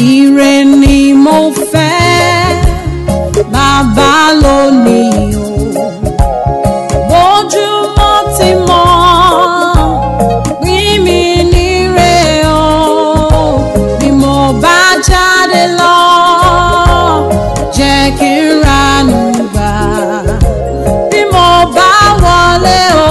Ire ni mo fẹ́ bàbá lónìí o. Bójúmọ́ ti mọ́ pín mi níre o. Bí mo bá jáde lọ, jẹ́ kí n ranú gbà. Bí mo bá wọlé o,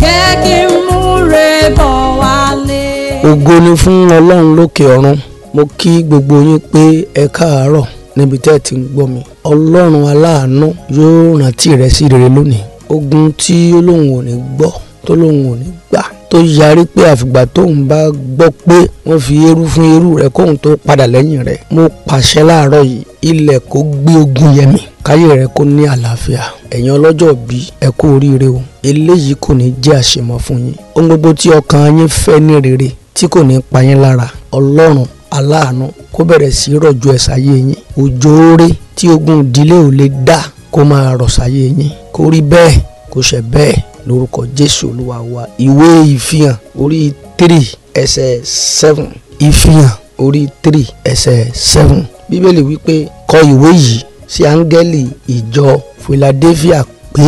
jẹ́ kí n múre bọ̀ wálé. Ògo ni fún Ọlọ́run lókè ọ̀run mo kí gbogbo yín pé ẹ káàárọ̀ níbi tẹ́ ẹ ti ń gbọ́ mi ọlọ́run aláàánú yóò rántí rẹ sí rere lónìí ogun tí olóhùn ò ní gbọ́ tó lóhùn ò ní gbà tó yarí pé àfìgbà tóun bá gbọ́ pé wọ́n fi eérú fún eérú rẹ kóun tó padà lẹ́yìn rẹ mo pàṣẹ láàárọ̀ yìí ilẹ̀ kó gbé ogun yẹn mì káyé rẹ kó ní àlàáfíà ẹ̀yin ọlọ́jọ́ bí ẹ kú oríire o eléyìí kò ní jẹ́ àṣemọ́ fún yín ohun gbogbo tí ọkàn yín fẹ́ ní rere tí kò ní pa yín lára ọlọ́run aláàánú kó bẹ̀rẹ̀ sí rọ̀jò ẹ̀ sáyé yín òjò oore tí ogun ìdílé ò lè dá kó máa rọ̀ sáyé yín kó rí bẹ́ẹ̀ kó ṣe bẹ́ẹ̀ lórúkọ jésù olúwa wa ìwé ìfihàn orí three ẹsẹ̀ seven ìfihàn orí three ẹsẹ̀ seven bíbélì wípé kọ ìwé yìí sí áńgẹ́lì ìjọ philadelphia pé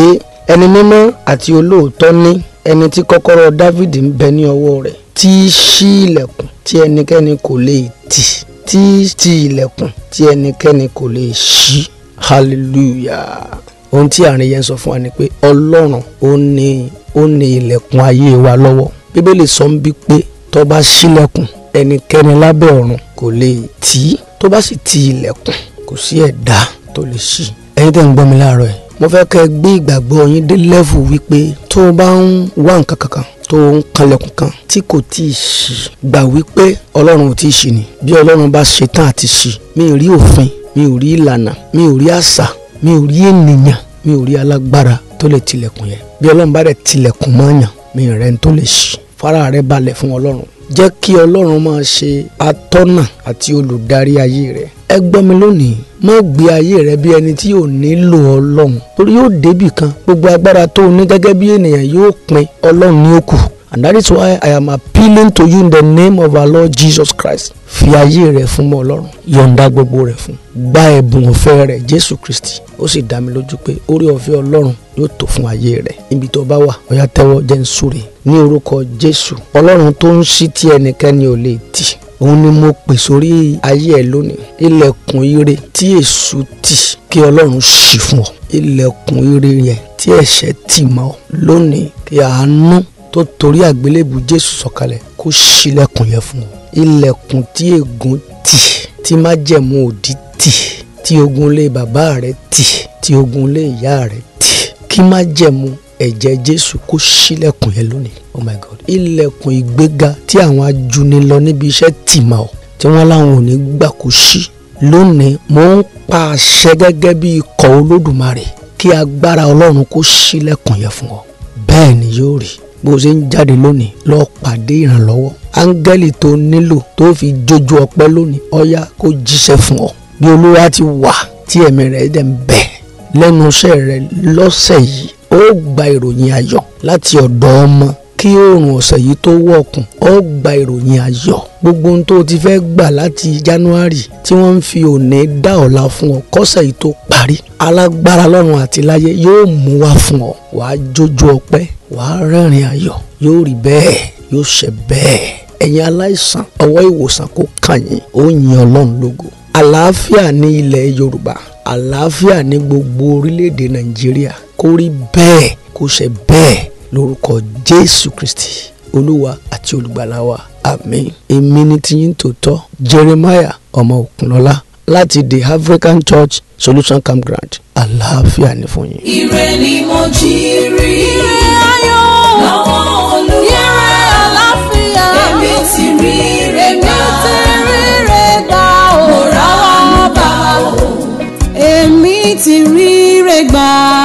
ẹni mímọ́ àti olóòótọ́ ní ẹni tí kọ́kọ́rọ́ dávid ń bẹ ní ọwọ́ rẹ̀ tí í ṣí ilẹ̀kùn tí ẹnikẹ́ni kò lè tì tí ti ilẹ̀kùn tí ẹnikẹ́ni kò lè ṣí hallelujah ohun tí àárín yẹn sọ fún wa ni pé ọlọ́run ó ní ó ní ilẹ̀kùn ayé wa lọ́wọ́ bíbélì sọ ń bí pé tó bá ṣílẹ̀kùn ẹnikẹ́ni lábẹ́ ọ̀run kò lè tì í tó bá sì ti ilẹ̀kùn kò sí ẹ̀dá tó lè ṣí ẹ̀yin tẹ́ ń gbọ́ mi láàárọ̀ ẹ̀ mo fẹ́ kẹ́ gbé ìgbàgbọ́ yín dé lẹ́fù wípé tó bá ń wá nǹkan kankan tó ń kanlẹ̀kùn kan tí kò tí ì ṣí gbà wípé ọlọ́run ò tí ì ṣí ni bí ọlọ́run bá ṣe tán àti ṣí mi ò rí òfin mi ò rí ìlànà mi ò rí àṣà mi ò rí ènìyàn mi ò rí alágbára tó lè tilẹ̀kùn yẹn bí ọlọ́run bá dẹ̀ tilẹ̀kùn mọ́yàn mi rẹ̀ ń tó lè ṣí fara rẹ̀ balẹ̀ fún ọlọ́run jẹ́ kí ọlọ́run máa ṣe atọ́nà àti olùdarí ayé rẹ̀ ẹ gbọ́ mi lónìí má gbé ayé rẹ bí ẹni tí yóò nílò ọlọ́run torí yóò débì kan gbogbo agbára tó o ní gẹ́gẹ́ bí ènìyàn yóò pin ọlọ́run ní òkù and that is why I am appealing to you in the name of our Lord Jesus Christ fi ayé rẹ fún mọ́ ọlọ́run yọ̀ǹda gbogbo rẹ fún gba ẹ̀bùn ọ̀fẹ́ rẹ Jésù Kristi ó sì dá mi lójú pé orí ọ̀fẹ́ ọlọ́run yóò tó fún ayé rẹ níbi tó bá wà ọ̀yà tẹ́wọ́ jẹ́ ń súre ní orúkọ Jésù ọlọ́run tó ń ṣí tí ẹnikẹ́ni ò lè tì òun ni mo pè sórí ayé ẹ lónìí ilẹ̀kùn ire tí èṣù tì kí ọlọ́run ṣì fún ọ ilẹ̀kùn ire yẹn tí ẹ̀ṣẹ̀ tì mọ́ ọ lónìí kí àánú tó torí àgbélébù jésù sọ̀kalẹ̀ kó ṣílẹ̀kùn yẹn fún ọ ilẹ̀kùn tí ègún tì tí májẹ̀mú òdì tì tí ogun lé bàbá rẹ tì tí ogun lé ìyá rẹ kí májẹ̀mú ẹ̀jẹ̀ jésù kó ṣílẹ̀kùn yẹn lónìí oh my god ilẹ̀kùn ìgbéga tí àwọn ajúnilọ níbi iṣẹ́ tì mà ọ́ tí wọ́n láwọn ò ní gbà kó ṣí lónìí mò ń pa àṣẹ gẹ́gẹ́ bí ikọ̀ olódùmarè kí agbára ọlọ́run kó ṣílẹ̀kùn yẹn fún ọ bẹ́ẹ̀ ni yóò rí bó o ṣe ń jáde lónìí lọ pàdé ìrànlọ́wọ́ áńgẹ́lì tó nílò tó fi jójú ọpẹ́ lónìí ọ̀yá kó jíṣẹ́ fún ọ bí olúwa ti wà tí ẹ̀mí rẹ̀ dẹ̀ ń bẹ̀ẹ́ lẹ́nu iṣẹ́ rẹ lọ́sẹ̀ yìí ó gba ìròyìn ayọ̀ láti ọ̀dọ̀ ọmọ kí oòrùn ọ̀sẹ̀ yìí tó wọ̀kùn ó gba ìròyìn ayọ̀ gbogbo ohun tó ti fẹ́ gbà láti january tí wọ́n ń fi òní dá ọ̀la fún ọ kọ́sẹ̀ yìí tó parí alágbára lọ́run àti láyé yóò mú wá fún ọ wàá jójú ọpẹ́ wàá rẹ́rìn ayọ̀ yóò rí bẹ́ẹ̀ yóò ṣe bẹ́ẹ̀ ẹ̀yin aláìsàn ọwọ́ ìwòsàn kò kàn yín ó yin ọlọ́run lógo àlàáfíà ní ilẹ̀ yorùbá àlàáfíà ní gbogbo orílẹ̀-èdè nàìjíríà kó rí bẹ́ẹ̀ kó ṣe bẹ́ẹ̀ lórúkọ jésù kristi olúwa àti olùgbàlà wa àmín èmi ni tiyín tòótọ́ jeremiah ọmọ òkunlọ́lá láti the african church solution campground àlàáfíà ní fún yín. ire ni mo jí rí ire ayọ̀ lọ́wọ́ olúwa ire àlàáfíà èmi ti rí i. ti rí rẹ̀ gbà.